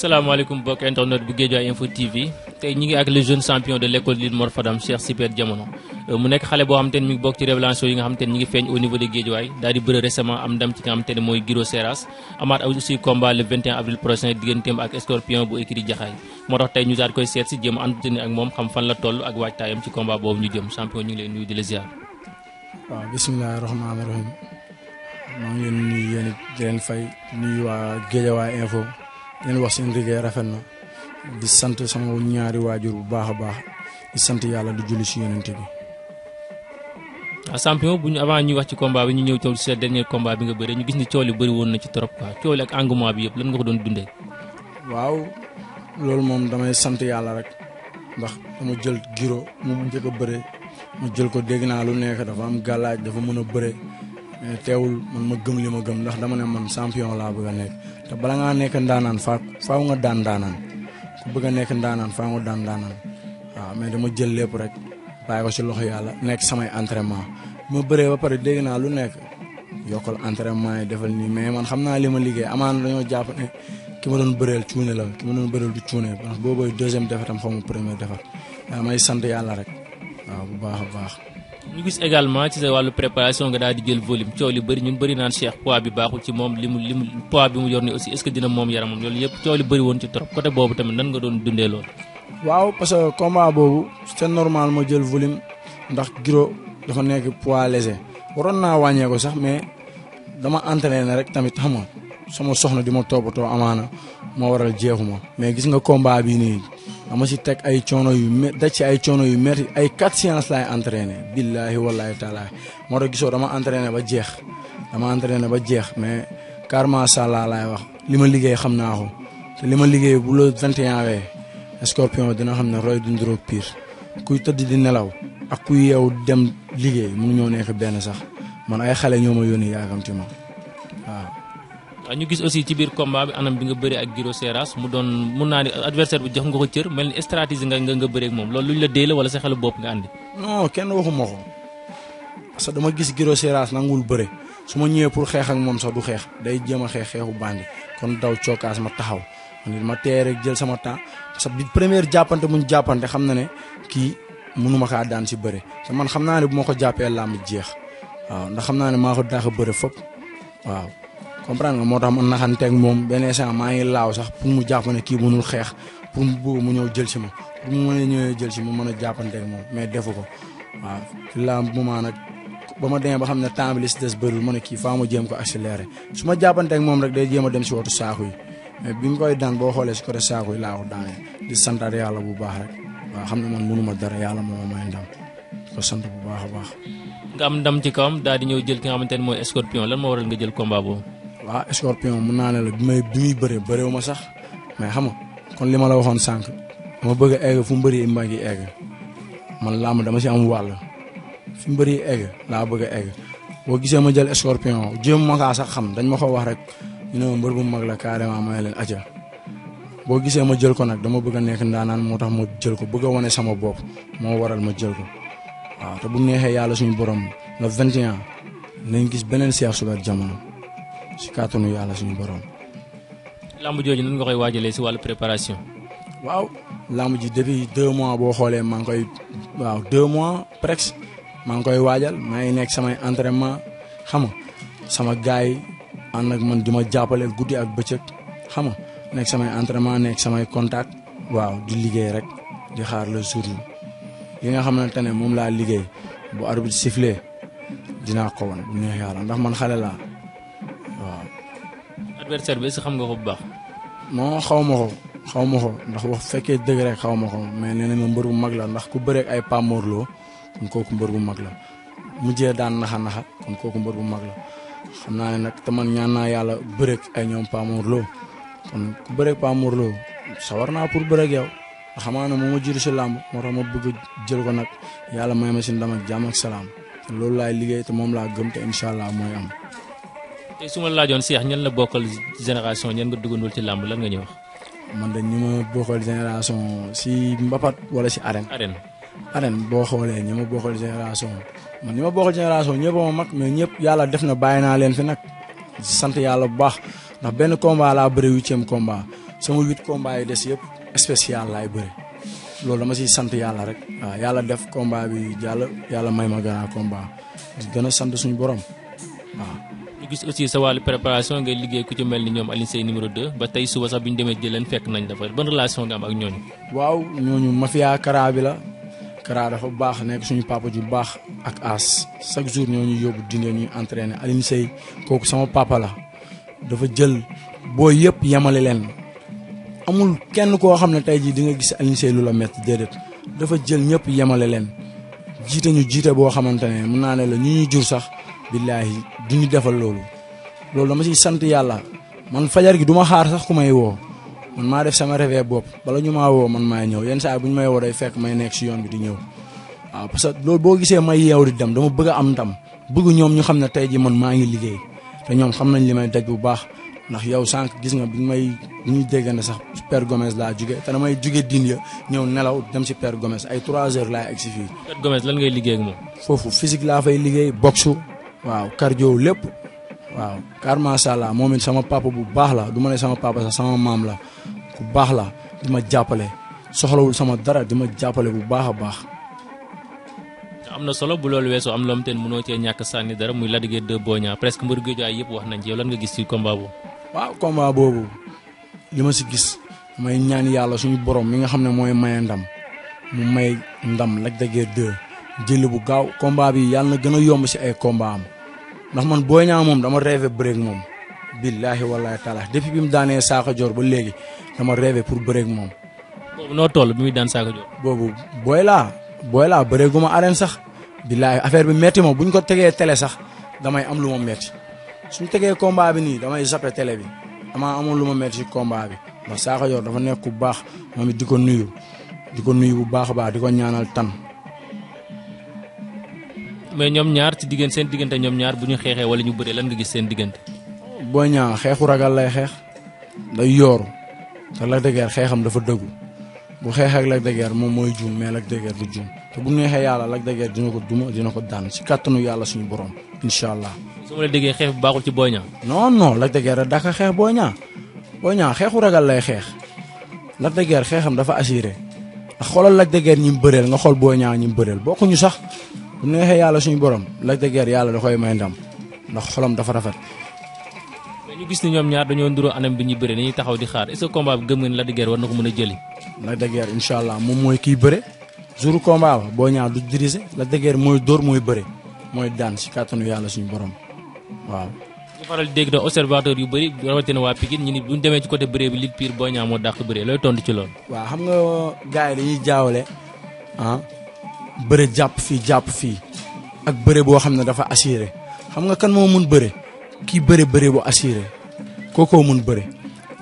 salaamaaleykum mbokk internet bu Guédiawaye Info TV tey ñi ngi ak le jeune champion de l' école Lit Mor Fadam Cheikh Super euh, mu nekk xale boo xam te ne mi ngi bokk ci révélation yi nga xam te ne ñi ngi feeñ au niveau de Guédiawaye daal di bëre récemment am ndam ci nga xam te mooy Giro Seras amaat aussi combat le avril prochain digganteem ak Scorpion bu écrit Jaxaay moo tax tey ñu daal koy seet si jéem a entretien ak moom xam fan la toll ak waajtaayam ci combat boobu ñu leen wax seen liggéey rafet na di sant sama ñaari waajur bu baax a baax di sant yàlla di julli si yonente bi. waaw ah, champion bu ñu avant ñuy wax ci combat bi ñu ñëw coow ci sa dernier combat bi nga bëri ñu gis ni coow li bëri woon na ci trop quoi coow ak engouement bi yëpp lan nga ko doon dundee. waaw loolu moom damay sant yàlla rek ndax dama jël giro mu njëkk a bëre ma jël ko dégg naa lu nekk dafa am gàllaaj dafa mën a bëre. mais teewul man ma gëm li ma gëm ndax dama ne man champion laa bëgg a nekk te bala ngaa nekk ndaanaan faa faaw nga daan ndaanaan ku bëgg a nekk ndaanaan faaw nga daan ndaanaan waaw mais dama jël lépp rek bàyyi ko ci loxo yàlla nekk samay entraînement ma bëree ba pare dégg naa lu nekk yokkal entraînement yi defal nii mais man xam naa li ma liggéey amaan dañoo jàpp ne ki ma doon bëreel cuune la ki ma doon bëreel du cuune ndax boobu deuxième defar tam xaw ma premier defar waaw may sant yàlla rek waaw bu baax a baax. ñu gis également ci sa wàllu préparation nga daal di jël volume coow li bëri ñun bëri naan Cheikh poids bi baaxul ci moom li mu li mu poids bi mu yor ni aussi est-ce que dina moom yaramam loolu yëpp coow li bëri woon ci trop côté boobu tamit nan nga doon dundee loolu. waaw parce que combat boobu seen normal ma jël volume ndax Giro dafa nekk poids léger waroon naa wàññeeku sax mais dama entraîné rek tamit xam nga sama soxna di ma toppatoo amaana moo waral jeexuma mais gis nga combat bi nii. ma si teg ay coono yu mé daj si ay coono yu métti ay quatre séances laay entraîné billaahi wallaahi taala moo tax gisoo dama entraîné ba jeex dama entraîné ba jeex mais car macha allah wax li ma liggéey xam naa ko te li ma liggéey bu la 21 wee dina xam ne roy du ndróog pire kuy tëdd di nelaw ak kuy yeewu dem liggéey mun mënuñoo nekk benn sax man ay xale ñoo ma yónni yaakamti ma Ah, ñu gis aussi ci biir combat bi anam bi nga bëri ak Giro Seras mu doon mun naa ni adversaire bi jox nga ko cër mel ni stratégie nga nga nga bëri ak moom loolu luñ la la wala sa xelu bopp nga andi. non kenn waxuma ko dama gis Giro Seras nangul bëre su ma ñëwee pour xeex ak moom sax du xeex day jéem a xeex xeexu bandi kon daw cokkaas ma taxaw man it ma tee rek jël sama temps parce bi première jàppante muñ jàppante xam na ne kii munuma kaa daan si bëre te man xam naa ne bu ma ko jàppee lamb jeex waaw ndax xam naa ne maa ko daax bëre fop waaw comprendre moo tax ma naxanteeg moom benn instant maa ngi laaw sax pour mu jàpp ne kii mënul xeex pour mu bëgg mu ñëw jël si ma pour mu mën a ñëwee jël si ma mën a jàppanteeg moom mais defu ko waaw ci la moment nag ma demee ba xam ne temps bi li si ma kii faa ma jéem ko accéléré su ma jàppanteeg moom rek day jéem a dem si wotu saaku yi mais bi mu koy daan boo xoolee si côté saaku yi laa ko daanee di santaat yàlla bu baax rek waaw xam ne man mënuma dara yàlla moo may ndam ko sant bu baax a baax. nga am ndam ci kawam daal di ñëw jël ki nga xamante ne mooy scorpion jël combat boobu. waa escorpion mun naa ne la bi may bi muy bëree bëreewu ma sax mais xam nga kon li ma la waxoon sànq dama bëgg a egg fu mbëri yi mag yi egg man ma dama si am wàll fi mbëri yi egg laa bëgg a egg boo gisee ma jël escorpion jéem ma kaa sax xam dañ ma ko wax rek ñu ne mbër bu mag la carrément ma leen aja boo gisee ma jël ko nag dama bëgg a nekk ndaanaan moo tax ma jël ko bëgg a wane sama bopp moo waral ma jël ko waaw te bu neexee yàlla suñu borom le 21 nañ gis beneen Cheikh Super jamono si kàttanu yàlla suñu borom. lamb jooju nan nga koy waajalee si wàllu préparation. waaw lamb ji depuis deux mois boo xoolee maa ngi koy waaw deux mois presque maa ngi koy waajal maa ngi nekk samay entraînement xam nga sama gars yi ànd ak man di ma jàppale guddi ak bëccëg xam nga nekk samay entraînement nekk samay contact waaw di liggéey rek di xaar le jour yi nga xamante ne moom laa liggéey bu arbitre sifflé dinaa ko wan bu neex yàlla ndax man xale laa. waaw. adversaire bi est-ce que xam nga ko bu baax. non xaw ma ko xaw ma ko ndax wax fekkee dëgg rek xaw ko mais nee na ma mbër bu mag la ndax ku bëreeg ay pamorloo kon kooku mbër bu mag la mujjee daan naxa naxa kon kooku mbër bu mag la xam naa ne nag te man ñaan naa yàlla bëreeg ay ñoom pamorloo kon ku bëreeg pamorloo sawar naa pour bëreeg yow. xamaa ne moo ma jiitu si làmb moo tax ma bëgg jël ko nag yàlla may ma si ndam ak jàmm ak salaam loolu laay liggéey te moom laa gëm te incha allah mooy am tey su ma laajoon Cheikh ñan la bokkal génération ñan nga duggandul ci làmb lan nga ñu wax. man de ñu bokkal génération si Mbapat wala si arène. arène arène boo xoolee ñi ma bokkal génération man ñi ma bokkal génération ñëpp ma mag mais ñëpp yàlla def na bàyyi naa leen fi nag sant yàlla bu baax ndax benn combat laa bëri huitième combat sama huit combat yi des yëpp spécial laay bëri loolu dama siy sant yàlla rek waaw def combat bi yàlla yàlla may ma gën a combat di sant suñu borom. gis aussi sa wàllu préparation ngay liggéey ku ci mel ni ñoom Alioune Seye numéro 2 ba tey suba sax bi ñu demee jëleen fekk nañ dafa ban relation nga am ak ñooñu. waaw ñooñu mafia Kara bi la Kara dafa baax nekk suñu papa ju baax ak aas chaque jour ñooñu yóbbu dindee ñuy entraîné Alioune Seye kooku sama papa la dafa jël boo yëpp yemale leen amul kenn koo xam ne tey jii di nga gis Alioune Seye lu la métti déedéet dafa jël ñëpp yemale leen jiite ñu jiite boo xamante ne mën du ñu defal loolu loolu dama ciy sant yàlla man fajar gi du ma xaar sax ku may woo man maa def sama réveil bopp bala ñu maa woo man maa ñëw yenn saa bu ñu may woo day fekk may nekk si yoon bi di ñëw waaw parce que loolu boo gisee may yeew di dem dama bëgg am ndam bëgg ñoom ñu xam ne tey ji man maa ngi liggéey te ñoom xam nañ li may daj bu baax ndax yow sànq gis nga bi ñu may bi ñuy déggante sax Père Gomez laa jugee te may juge din ya ñëw nelaw dem si Père Gomez ay 3 heures laa egg waaw cardio lépp waaw car allah moom it sama papa bu baax la du ma ne sama papa sax sama maam la ku baax la di ma jàppale soxlawul sama dara di ma jàppale bu baax a baax. am na solo bu loolu weesoo am lom teen mënoo cee ñàkk sànni dara muy Lac de Guiers 2 Boy Niang presque mbër géejaay yëpp wax nañ ci yow lan nga gis ci combat boobu. waaw combat boobu li ma si gis may ñaan yàlla suñu borom mi nga xam ne mooy maye ndam mu may ndam Lac de Guiers 2 jël bu gaaw combat bi yàlla na gën a yomb si ay combat am ndax man Boy Niang moom dama rêvé bëreeg moom. billaahi wallaahi taala depuis bi mu daanee saako joor ba léegi dama rêvé pour bëreek moom. boobu noo toll bi muy daan boobu booy laa booy laa bëreeguma arène sax billaahi affaire bi metti ma bu ñu ko tegee tele sax damay am lu ma metti suñu tegee combat bi nii damay zappe tele bi damaa amoon lu ma metti si combat bi ndax saako joor dafa nekk ku baax moom it di ko nuyu di ko nuyu bu baax a baax di ko ñaanal tan mais ñoom ñaar ci diggante seen diggante ñoom ñaar bu ñu xeexee wala ñu bëree lan nga gis seen diggante. Boy Niang xeexu ragal lay xeex day yooru te Lac de xeexam dafa dëggu bu xeexee ak Lac de Guiers moom mooy juum mais Lac de Guiers du juum te bu neexee yàlla Lac de Guiers dina ko duma dina ko daan ci kàttanu yàlla suñu borom incha allah. su ma la déggee xeex bu baaxul ci Boy Niang. non non Lac da Guiers daka xeex Boy Niang Boy Niang xeexu ragal lay xeex Lac de xeexam dafa assuré bu neexee yàlla suñu borom Lac de Guiers yàlla da koy may ndam ndax xolam dafa rafet. mais gis ni ñoom ñaar dañoo nduroo anam bi ñu bëre ñu taxaw di xaar est-ce que combat bi gëm na ko mën a jëli. Lac de Guiers incha allah moom mooy kiy bëre jour combat ba boo ñaar du diriger Lac de Guiers mooy dóor mooy bëre mooy daan si kàttanu yàlla suñu borom waaw. ñu faral di dégg da observateur yu bëri rawatina waa Pikine ñu ni bu demee ci côté bëree bi Lutte Pire Boy Niang moo dàq bëree looy tontu ci loolu. waaw xam nga gars yi dañuy jaawale ah, bëre jàpp fii jàpp fii ak bëre boo xam ne dafa assuré xam nga kan moo mun bëre kii bëre bëre bu assuré kookoo mun bëre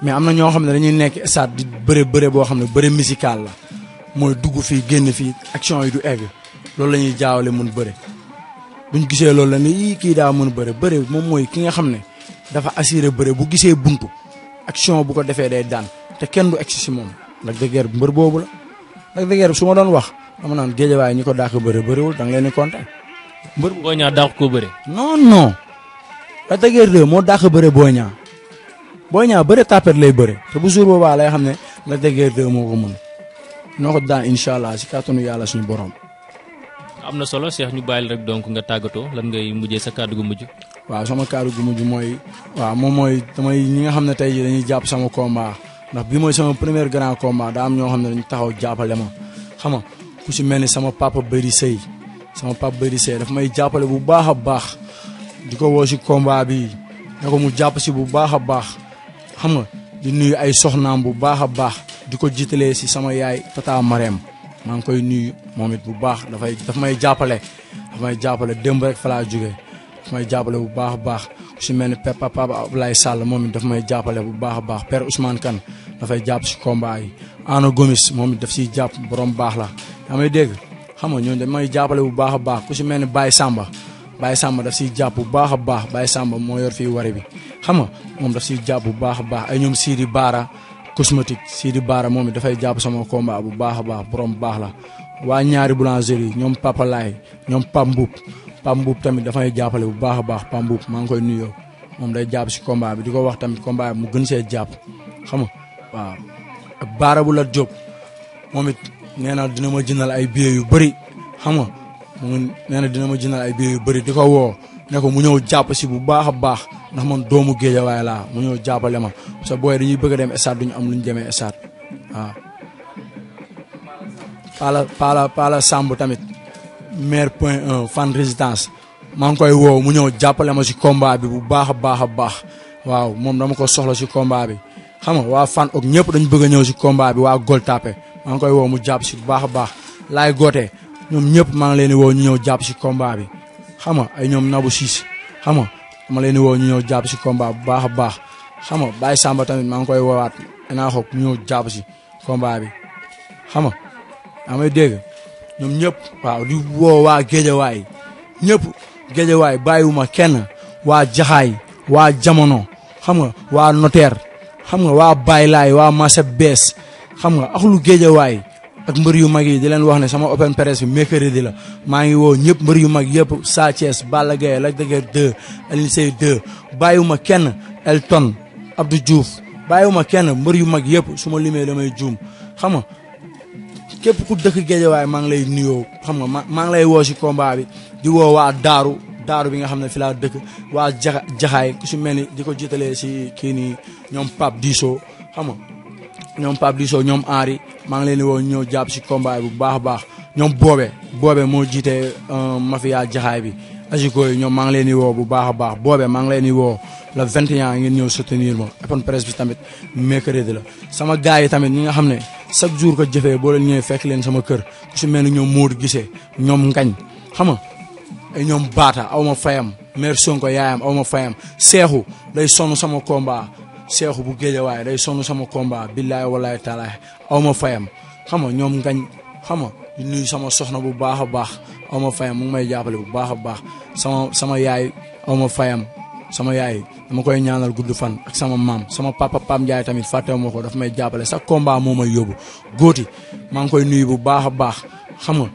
mais am na ñoo xam ne dañuy nekk stade di bëre bëre boo xam ne bëre musical la mooy dugg fii génn fii action yi du egg loolu la ñuy jaawale mun bëre buñ gisee loolu la kii daa mën bëre bëre moom mooy ki nga xam ne dafa assuré bëre bu gisee buntu action bu ko defee day daan te kenn bu egg si moom Lac de Guiers mbër boobu la Lac su ma doon wax dama naan géejawaay ñi ko dàq bëri bëriwul da nga leen di compter. mbër bu Boy Niang dàq ko bëri. non moo dàq bëri Boy Niang. Boy Niang bëri tapet lay bu jour boobaa lay xam ne Lac de Guiers 2 moo ko mun noo incha allah si yàlla suñu borom. am na solo Cheikh ñu bàyyil rek donc nga tàggatoo lan ngay mujjee sa kàddu gu mujj. waaw sama mooy. waaw moom mooy damay ñi nga xam ne tey dañuy jàpp sama combat ndax bi mooy sama premier grand combat daa am ñoo xam ne dañu taxaw jàppale ma xam nga ku si mel ni sama papa Bëri Sey sama papa Bëri daf may jàppale bu baax a baax di ko woo si combat bi na ko mu jàpp si bu baax a baax xam nga di nuyu ay soxnaam bu baax a baax di ko jiitalee si sama yaay tata Marème maa ngi koy nuyu moom it bu baax dafay dafa may jàppale daf may démb rek fa jóge jógee may jàppale bu baax a baax ku si mel ni papa papa Abdoulaye Sall moom it daf may jàppale bu baax a baax père Ousmane Kane dafay jàpp si combat yi Ana Gomis moom it daf siy jàpp borom baax la E yaa may dégg e xam nga ñooñu dañ may jàppale bu baax a baax ku si mel ni Baye Samba Baye Samba daf siy jàpp bu baax a baax Baye Samba moo yor fii wari bi xam nga moom daf siy jàpp bu baax a baax ay e ñoom Sidi Baara cosmétique Sidi Baara moom it dafay jàpp sama combat bu baax a baax borom baax la waa ñaari boulangerie ñoom Papa Laay ñoom Pam Mbuub Pam Mbuub tamit dafay jàppale bu baax a baax Pam Mbuub maa ngi koy moom day jàpp si combat bi di ko wax tamit combat mu gën see jàpp xam nga waaw Baara bu la job moom it nee dina ma jinal ay billets yu bari xam nga mu dina ma jinal ay billets yu bari diko wo ne ko mu ñew japp si bu baax baax ndax man doomu way la mu ñew jàppale ma sa boy dañuy bëgg dem stade duñu am luñu ñu stade Pala Pala Pala sambu tamit maire point 1 fan résidence ma ngi koy wo mu ñew jàppale ma si combat bi bu baax a baax baax waaw mom dama ko soxla si combat bi xam nga wa fan ok ñepp dañu bëgg ñew ci si combat bi wa gol Tapée maa ngi koy woo mu jàpp si bu baax a baax laay goote ñoom ñëpp maa ngi leen di woo ñu ñëw jàpp si combat bi xam nga ay ñoom na siis xam nga ma leen di woo ñu ñëw jàpp si combat bu baax a baax xam nga Samba tamit maa ngi koy woowaat naa ñëw jàpp si combat bi xam nga amay dégg ñoom ñëpp waaw di woo waa géejawaay ñëpp géejawaay bàyyiwuma kenn waa jaxaay waa jamono xam nga waa notaire xam waa baylaay waa marché bees xam nga ak lu géejawaay ak mbër yu mag yi di leen wax ne sama open press bi di la maa ngi woo ñëpp mbër yu mag yëpp Sa Thiès Balla Gaye Lac de Guiers 2 Alioune Seye 2 bàyyiwuma kenn Elton Abdou Diouf bàyyiwuma kenn mbër yu mag yëpp su ma limee damay juum xam nga képp ku dëkk géejawaay maa ngi lay nuyoo xam nga ma maa ngi lay woo si combat bi di woo waa daaru daaru bi nga xam ne fi laa dëkk waa jaxa jaxaay ku si mel ni di ko jiitalee si kii nii ñoom Pape Diso xam ñoom Pape ñoom Henri maa ngi leen di woo ñëw jàpp si combat bu baax baax ñoom Boobe Boobe moo jiitee euh, mafia jaxaay bi Agico yi ñoom maa ngi leen di woo bu baax a baax Boobe maa ngi leen di woo le 21 ngeen ñëw soutenir ma open presse bi tamit mercredi la. sama gars yi tamit ñi nga xam ne chaque jour ko jëfee boo leen ñëwee fekk leen sama kër ku si mel ni ñoom Modou gisee ñoom Ngañ xam nga ñoom Baata aw ma fayam mère Sonko yaayam aw ma fayam Seexu day sonn sama combat. seexu bu waay rek sonn sama combat billaay walaay taalaay aw ma fayam xam nga ñoom ngañ xam nga di nuyu sama soxna bu baax a baax aw ma fayam mu ngi may jàppale bu baax a baax sama sama yaay ma fayam sama yaay dama koy ñaanal gudd fan sama maam sama papa Pam Ndiaye tamit fàttewu ma ko dafa may jàppale sa combat moo may yóbbu góoti maa ngi koy nuyu bu baax a baax xam nga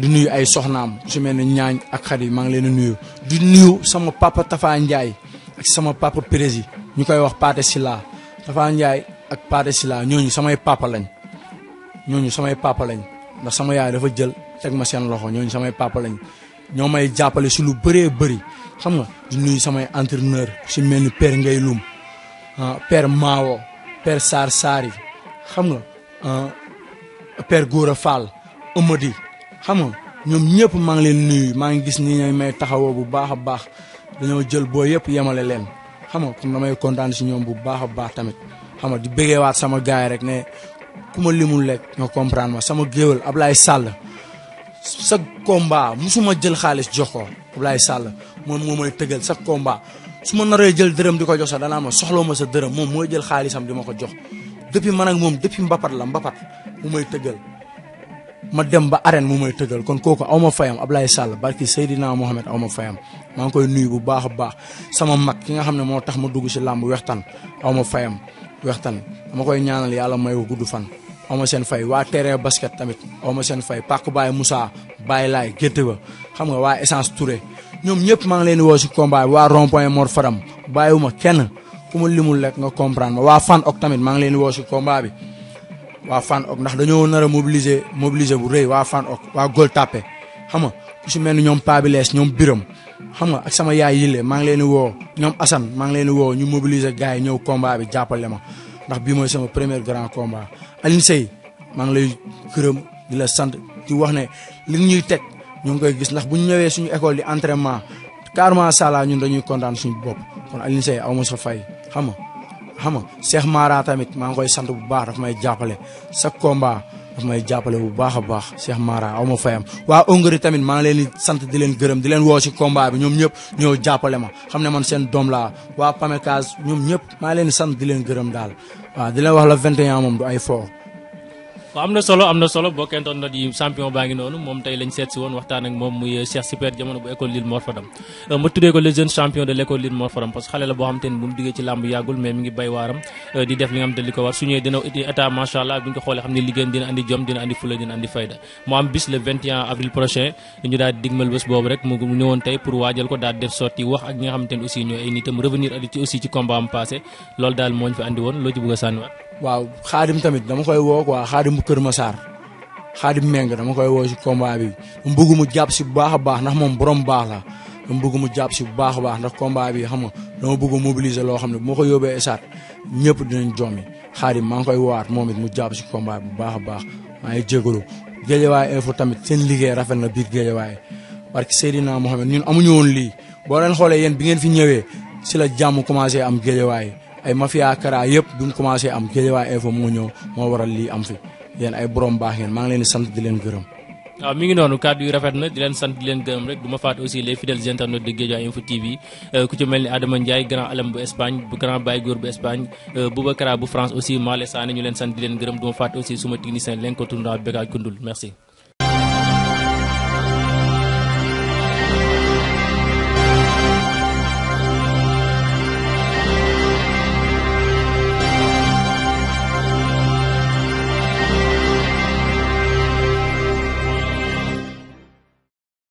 di nuyu ay soxnaam su mel ne ñaañ ak xarit maa ngi leen di nuyu di nuyu sama papa Tafa Ndiaye ak sama papa Prési ñu koy wax Pathé Sylla Tafa Ndiaye ak Pathé Sylla ñooñu samay papa ñooñu samay papa ndax sama yaay dafa jël teg ma seen loxo ñooñu samay papa lañ ñoo may jàppale si lu bëree bëri xam nga di nuyu samay entraîneur si mel ni père Ngay Lum ah, père Maawo per Saar Saari xam nga ah, père Gora Fall Amady xam nga ñoom ñëpp maa ngi leen nuyu maa ngi gis ni ñooy may taxawoo bu baax a baax dañoo jël boo yëpp yemale leen. xam nga comme may kontaan si ñoom bu baax a baax tamit xam nga di bëggeewaat sama gaay rek ne ku ma limu lekk nga comprendre ma sama géwél Ablaye sàll sa combat musuma jël xaalis jox ko Ablaye sàll moom moo may tëgal sa combat su ma naree jël dërëm di ko jox sa danaa ma soxloo ma sa dërëm moom mooy jël xaalisam di ma ko jox depuis man ak moom depuis mbapat la mbapat mu may tëgal ma dem ba arène mu may tëggal kon kooku aw ma fayam Ablaye Sall barki Seydina Mohamed aw ma fayam maa ngi koy nuyu bu baax a baax sama mag ki nga xam ne moo tax ma dugg si làmb wextan aw ma fayam wextan ma koy ñaanal yàlla may ko gudd fan aw ma seen fay waa terrain basket tamit aw ma seen fay Pàkk Baye Moussa Baye Laay Gétte ba xam nga waa essence Touré ñoom ñëpp maa ngi leen di woo si combat waa rond-point Mor Fadam bàyyiwuma kenn ku ma limul lekk nga comprendre waa fan ok tamit maa ngi leen woo si combat bi waa Fan ok ndax dañoo nar a mobiliser bu rëy waa Fan ok waa Gueule Tapée xam nga ku mel ni ñoom Pabi ñoom Biram xam nga ak sama yaay yile maa ngi leen di woo ñoom Assane maa ngi leen di woo ñu mobiliser gars yi ñëw combat bi jàppale ma ndax bii mooy sama premier grand combat Alioune Seye maa ngi lay gërëm di la sant di wax ne li ñuy teg ñu ngi koy gis ndax bu ñu ñëwee suñu école di entraînement carrément sala ñun dañuy kontaan suñu bopp kon Alioune Seye aw ma sa fay xam nga xam nga Cheikh Mara tamit maa ngi koy sant bu baax daf may jàppale sa combat daf may jàppale bu baax a baax Cheikh Mara aw ma fayam waa Hongrie tamit maa ngi leen di sant di leen gërëm di leen woo ci combat bi ñoom ñëpp ñoo jàppale ma xam ne man seen doom laa waa Pamecas ñoom ñëpp maa leen di sant di leen gërëm daal waaw di leen wax la 21 moom du ay fo waaw am na solo am na solo bokkentoon na di champion baa ngi noonu moom tey lañ seet woon waxtaan ak moom muy Cheikh Super jamono bu école Lille Mor ma euh, tuddee ko le jeune champion de l' école Lille parce que xale la boo xam te bu mu diggee ci làmb yàggul mais mi ngi bay waaram euh, di def li nga xam te li ko war su ñëwee dina état macha dina andi fayda mu am bis le avril prochain ñu daal digmal bés boobu rek mu ñëwoon tey pour waajal ko daal def sorti wax a waaw xaadim tamit dama koy woo quoi xaadim mu Kër Massar xaadim Meng dama koy woo si combat bi mu bëgg mu jàpp si bu baax a baax ndax moom borom baax la dama mu jàpp si bu baax a baax ndax combat bi xam nga dama bëgg mobiliser loo xam ne bu ma ko yóbbee esaat ñëpp dinañ jommi xaadim maa ngi koy woowaat moom it mu jàpp si combat bi bu baax a baax maa ngi jégalu Guédiawaye Infos tamit seen liggéey rafet na biir Guédiawaye parce que Seydina Mohamed ñun amuñu woon lii boo leen xoolee yéen bi ngeen fi ñëwee si la jàmm commencé am Guédiawaye ay mafia kara yëpp bi mu commencé am Guédiawaye info moo ñëw moo waral lii am fi yéen ay borom baax ngeen maa ngi leen di sant di leen gërëm. waaw mi ngi noonu kàddu yu rafet na di leen sant di leen gërëm rek du ma faat aussi les fidèles internautes de Guédiawaye Info TV ku ci mel ni Adama Ndiaye grand alam bu Espagne bu grand Baye Góor bu Espagne Boubacara bu France aussi Malé Sané ñu leen sant di leen gërëm du ma faat aussi suma technicien Lenko l'incontournable Beka Koundoul merci.